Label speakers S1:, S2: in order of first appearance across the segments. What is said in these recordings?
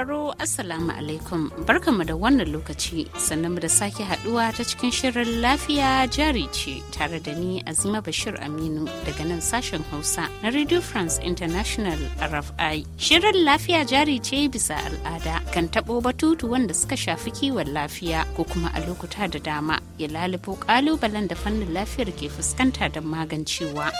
S1: sauraro Assalamu alaikum barkamu da wannan lokaci sannan mu da sake haduwa ta cikin shirin lafiya jari ce tare da ni Azima Bashir Aminu daga nan sashen Hausa na Radio France International RFI. Shirin lafiya jari ce bisa al'ada kan tabo batutu wanda suka shafi kiwon lafiya ko kuma a lokuta da dama ya lalubo kalubalen da fannin lafiyar ke fuskanta don magancewa.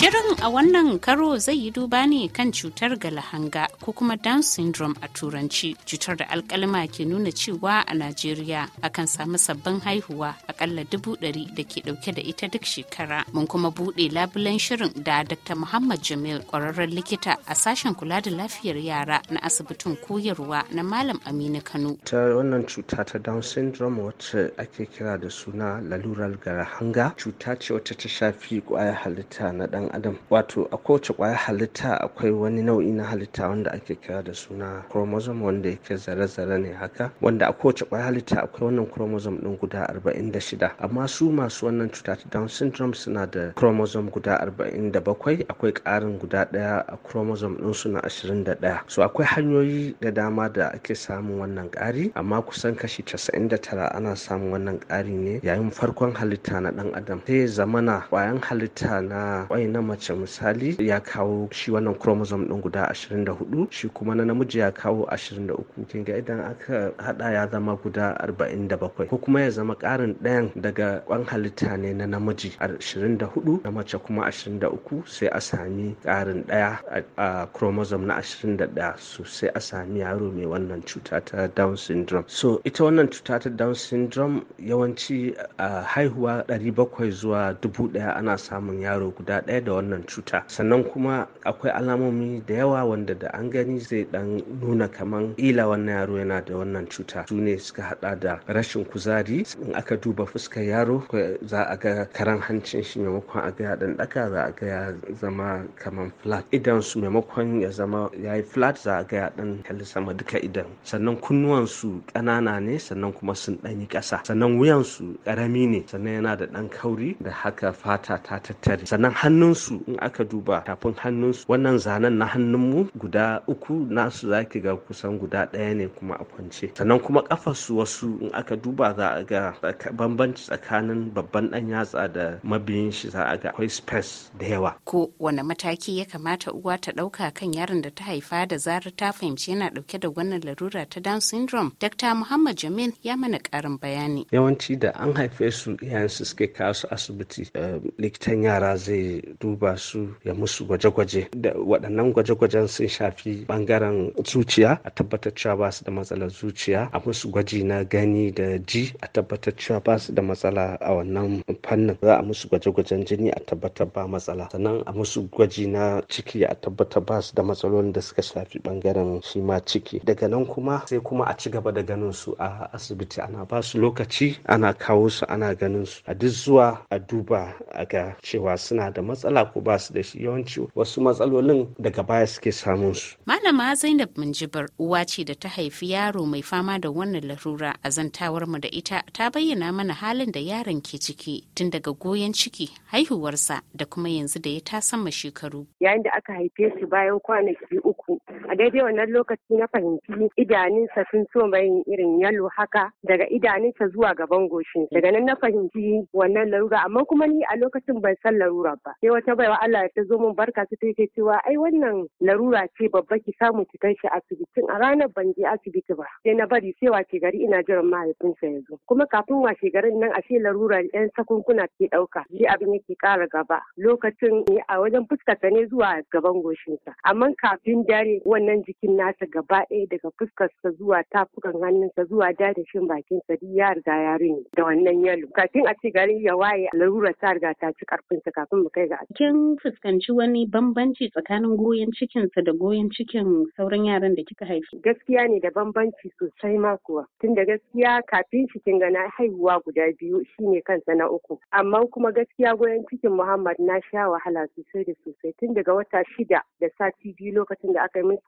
S1: Shirin a wannan karo zai yi duba ne kan cutar galahanga ko kuma Down syndrome a turanci cutar da alkalma ke nuna cewa a Najeriya akan samu sabbin haihuwa akalla dubu ɗari da ke ɗauke da ita duk shekara. Mun kuma buɗe labulen shirin da Dr. Muhammad Jamil ƙwararren likita a sashen kula da lafiyar yara na asibitin koyarwa na Malam
S2: Aminu Kano. Ta wannan cuta ta Down syndrome wacce ake kira da suna lalurar galahanga cuta ce wacce ta shafi ƙwayar halitta na ɗan adam wato a kowace kwayar halitta akwai wani nau'i na halitta wanda ake kira da suna chromosome wanda yake zare-zare ne haka wanda a kowace kwayar halitta akwai wannan chromosome din guda 46 amma su masu wannan cuta ta down syndrome suna da chromosome guda 47 akwai karin guda daya a chromosome din su na 21 so akwai hanyoyi da dama da ake samun wannan kari amma kusan kashi 99 ana samun wannan kari ne yayin farkon halitta na dan adam sai zamana kwayan halitta na kwayan na mace misali ya kawo shi wannan chromosome din guda 24 shi kuma na namiji ya kawo 23 kin ga idan aka hada ya zama guda 47 ko kuma ya zama karin ɗayan daga kwan halitta ne na namiji 24 na mace kuma 23 sai a sami karin ɗaya a chromosome na 21 so sai a sami yaro mai wannan cuta ta down syndrome so ita wannan cuta ta down syndrome yawanci a haihuwa 700 zuwa 1000 ana samun yaro guda ɗaya ɗaya da wannan cuta sannan kuma akwai alamomi da yawa wanda da an gani zai dan nuna kaman ila wannan yaro yana da wannan cuta su ne suka hada da rashin kuzari in aka duba fuskar yaro za a ga karan hancin shi maimakon a ga ya dan daka za a ga ya zama kaman flat idan su maimakon ya zama ya yi flat za a ga ya dan kalli sama duka idan sannan kunnuwan su kanana ne sannan kuma sun dan yi ƙasa sannan wuyan su karami ne sannan yana da dan kauri da haka fata ta tattare sannan hannu. hannunsu in aka duba tafin hannunsu wannan zanen na hannunmu guda uku nasu zaki ga kusan guda ɗaya ne kuma a kwance sannan kuma kafarsu wasu in aka duba za a ga bambanci tsakanin babban ɗan yatsa da mabiyin shi za a ga akwai space da yawa
S1: ko wani mataki ya kamata uwa ta ɗauka kan yaron da ta haifa da zarar ta fahimci yana ɗauke da wannan larura ta down syndrome dr muhammad jamil ya mana ƙarin bayani
S2: yawanci da an haife su iyayensu suke kawo su asibiti eh, likitan yara zai duba su ya musu gwaje-gwaje da waɗannan gwaje-gwajen sun shafi ɓangaren zuciya a tabbatar cewa ba su da matsalar zuciya a musu gwaji na gani da ji a tabbatar cewa ba su da matsala a wannan fannin za a musu gwaje-gwajen jini a tabbatar ba matsala sannan a musu gwaji na ciki a tabbatar ba su da matsalolin da suka shafi ɓangaren shi ma ciki daga nan kuma sai kuma a ci gaba da ganin su a asibiti ana ba su lokaci ana kawo su ana ganin su a duk zuwa a duba a ga cewa suna da matsala matsala ko ba su da shi yawanci wasu matsalolin daga baya suke samun su.
S1: Malama Zainab Minjibir uwa ce da ta haifi yaro mai fama da wannan larura a zantawar mu da ita ta bayyana mana halin da yaron ke ciki tun daga goyon ciki haihuwarsa da kuma yanzu da ya ta tasamma shekaru.
S3: Yayin da aka haife shi bayan kwanaki uku a daidai wannan lokaci na fahimci idanunsa sun so bayan irin yalo haka daga idanunsa zuwa gaban goshin daga nan na fahimci wannan larura amma kuma ni a lokacin ban san larura ba wata baiwa Allah ta zo mun barka ta take cewa ai wannan larura ce babba ki samu ki kai shi asibitin a ranar ban je asibiti ba sai na bari sai wace gari ina jiran mahaifinsa ya zo kuma kafin washe garin nan ashe larura yan sakunkuna ke ɗauka shi abin yake ƙara gaba lokacin ne a wajen fuskarsa ne zuwa gaban goshinsa amma kafin dare wannan jikin nasa gaba ɗaya daga fuskarsa zuwa tafukan hannunsa zuwa dadashin bakinsa duk ya riga ya rini da wannan yalo kafin a ce garin ya waye larura ta riga ta ci sa kafin mu kai ga
S1: kin fuskanci wani bambanci tsakanin
S3: goyon cikinsa da goyon cikin sauran yaran da kika haifi? Gaskiya ne da bambanci sosai ma kuwa. Tunda gaskiya kafin shi kin gana haihuwa guda biyu shine kansa na uku. Amma kuma gaskiya goyon cikin Muhammad na sha wahala sosai da sosai tun daga wata shida da sati biyu lokacin da aka yi min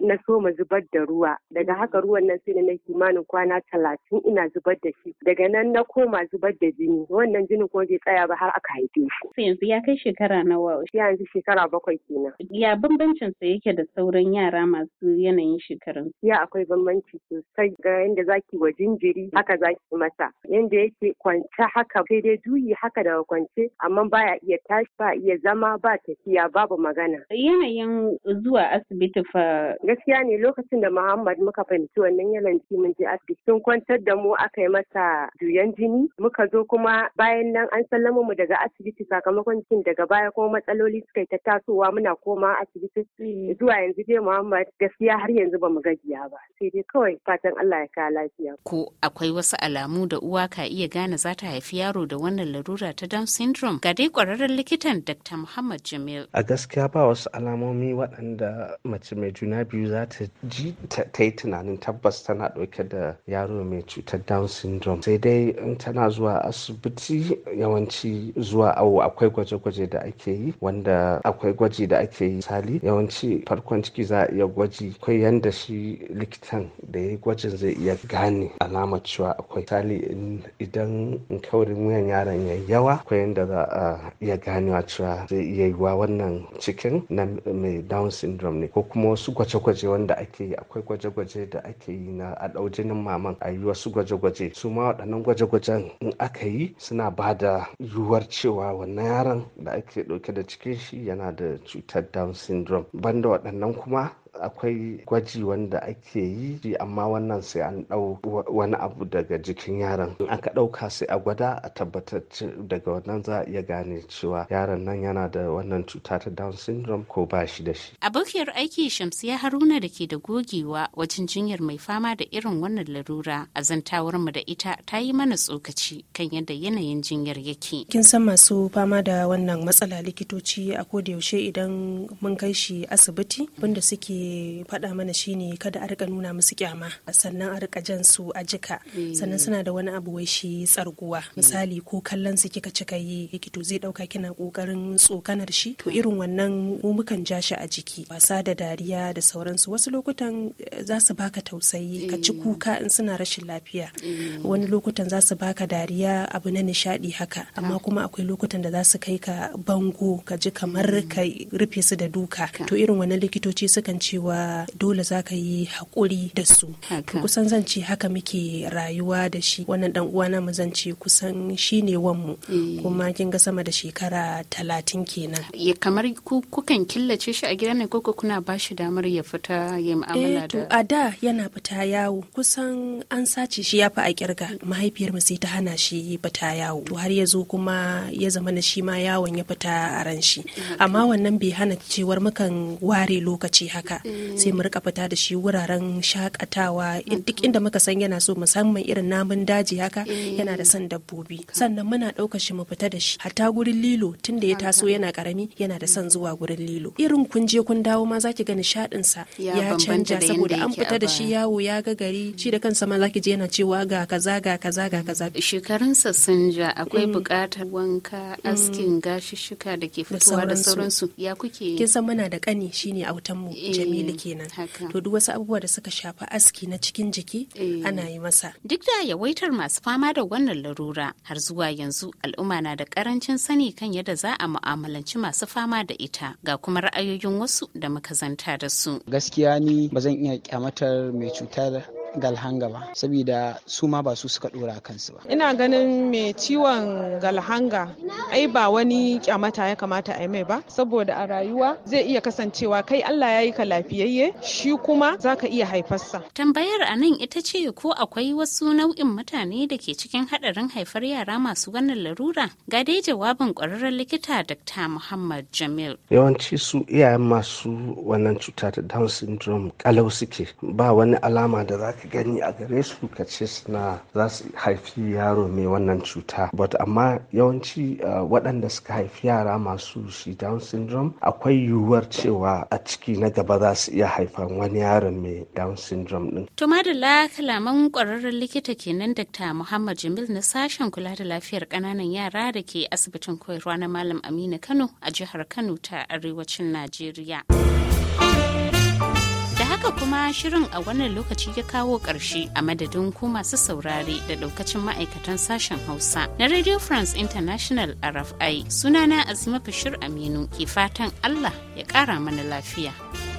S3: na so mu zubar da ruwa. Daga haka ruwan nan sai na kimanin kwana talatin ina zubar da shi. Daga nan na koma zubar da jini. Wannan jinin ko bai tsaya ba har aka haife shi. Yanzu
S1: ya kai shekara shekara
S3: nawa? Yanzu shekara bakwai kenan. Ya bambancin sa yake da sauran yara masu yanayin shekarun? Ya akwai bambanci sosai ga yanda zaki wa jinjiri haka zaki masa. Yanda yake kwance haka sai dai juyi haka daga kwance amma baya iya tashi ba iya zama ba tafiya babu magana. Yanayin zuwa asibiti fa. Gaskiya ne lokacin da Muhammad muka fahimci wannan yanayin mun je asibiti sun kwantar da mu aka yi masa juyan jini muka zo kuma bayan nan an sallama mu daga asibiti sakamakon jin daga baya kuma matsaloli suka yi ta tasowa muna koma asibiti mm. zuwa yanzu dai Muhammad gaskiya har yanzu ba mu gajiya ba sai dai kawai fatan Allah ya ka lafiya. Ko
S1: akwai wasu alamu da uwa ka iya gane za ta haifi yaro da wannan larura ta Down syndrome ga dai kwararren likitan Dr. Muhammad Jamil.
S2: A gaskiya ba wasu alamomi waɗanda mace mai juna biyu za ta ji ta yi tunanin tabbas tana ɗauke da yaro mai cutar Down syndrome sai dai in tana zuwa asibiti yawanci zuwa awo akwai gwaje-gwaje da da ake yi wanda akwai gwaji da ake yi misali yawanci farkon ciki za a iya gwaji akwai yanda shi likitan da ya yi gwajin zai iya gane Alama cewa akwai sali idan kaurin wuyan yaron ya yawa akwai yanda za a iya ganewa cewa zai iya yi wa wannan cikin na mai down syndrome ne ko kuma wasu gwaje-gwaje wanda ake yi akwai gwaje-gwaje da ake yi na a jinin maman a yi wasu gwaje-gwaje su ma waɗannan gwaje-gwajen in aka yi suna ba da yiwuwar cewa wannan yaron da ake ke dauke da cikin shi yana da cutar down syndrome banda waɗannan kuma akwai gwaji wanda ake yi amma wannan sai an ɗau wani abu daga jikin yaron in aka ɗauka sai a gwada a tabbatar daga wannan za a iya gane cewa yaron nan yana da wannan cuta ta down syndrome ko ba shi da shi
S1: abokiyar aiki shamsiya haruna da ke da gogewa wajen jinyar mai fama da irin wannan larura a zantawar mu da ita ta yi mana tsokaci kan yadda yanayin jinyar yake
S4: kin san masu fama da wannan matsala likitoci a da yaushe idan mun kai shi asibiti bunda suke faɗa mana shine kada a rika nuna musu kyama sannan a rika jan su a jika eh. sannan suna da wani abu wai shi tsarguwa eh. misali ko kallon su kika cika yi likito to zai dauka kina kokarin tsokanar shi to hmm. irin wannan mu mukan ja shi a jiki wasa da dariya da sauransu wasu lokutan eh, za su baka tausayi ka ci kuka in suna rashin lafiya wani lokutan za su baka dariya abu na nishaɗi haka amma ah. kuma akwai lokutan da za su kai ka bango ka ji kamar hmm. ka rufe su da duka to irin wannan likitoci sukan ce cewa dole za ka yi haƙuri da su kusan zan ce haka muke rayuwa da shi wannan dan uwa mu zan ce kusan shi ne wanmu eh. kuma kin ga sama da shekara talatin kenan
S1: ya kamar kukan killace shi a gidan ne koko kuna ba shi damar ya fita ya mu'amala eh, da a da yana fita yawo
S4: kusan an sace shi ya fi a kirga mahaifiyar mu sai ta hana shi fita yawo to har ya zo kuma ya zama na shi ma yawon ya fita a ran shi eh, amma wannan bai hana cewar mukan ware lokaci haka sai mu rika fita da shi wuraren shakatawa duk inda muka san yana so musamman irin namun daji haka eh. yana da son dabbobi sannan muna ɗaukar shi mu fita da shi hatta gurin lilo tun da ya taso yana karami yana da son zuwa gurin lilo irin kun je kun dawo ma zaki ga nishaɗin sa ya canja saboda an fita da shi yawo ya ga gari shi da kansa ma zaki je yana cewa ga kaza ga kaza ga kaza sa sun ja akwai mm. buƙatar
S1: wanka mm. askin gashi shuka da ke fitowa da sauransu ya kuke kin san
S4: muna da kani shine autan mu eh. jami'a ila kenan to duk wasu abubuwa da suka shafi aski na cikin jiki eh. ana yi masa
S1: duk da yawaitar masu fama da wannan larura har zuwa yanzu al'umma na da karancin sani kan yadda za a mu'amalanci masu fama da ita ga kuma ra'ayoyin wasu da muka zanta da su
S2: gaskiya ni ba zan iya kyamatar mai cutar galhanga ba saboda su ma ba su suka dora kansu ba
S4: ina ganin mai ciwon galhanga ai ba wani kyamata ya kamata a yi mai ba saboda a rayuwa zai iya kasancewa kai Allah ya yi ka lafiyayye shi kuma za ka iya haifarsa
S1: tambayar a nan ita ce ko akwai wasu nau'in mutane da ke cikin hadarin haifar yara masu wannan larura ga dai jawabin kwararren likita Dr. Muhammad Jamil
S2: yawanci su iyayen masu wannan cuta ta Down syndrome kalau suke ba wani alama da za ka gani a gare su ka ce suna za su haifi yaro mai wannan cuta but amma yawanci ah, waɗanda suka haifi yara masu shi down syndrome akwai yiwuwar cewa a ciki na gaba za su iya haifan wani yaron mai down syndrome din.
S1: to madalla kalaman ƙwararren likita kenan dr muhammad jamil na sashen kula da lafiyar kananan yara da ke asibitin koyarwa na malam aminu kano a jihar kano ta arewacin najeriya. haka kuma shirin a wannan lokaci ya kawo ƙarshe a madadin ku masu saurare da ɗaukacin ma'aikatan sashen Hausa na Radio France International RFI sunana Azima Bashir Aminu ke fatan Allah ya ƙara mana lafiya.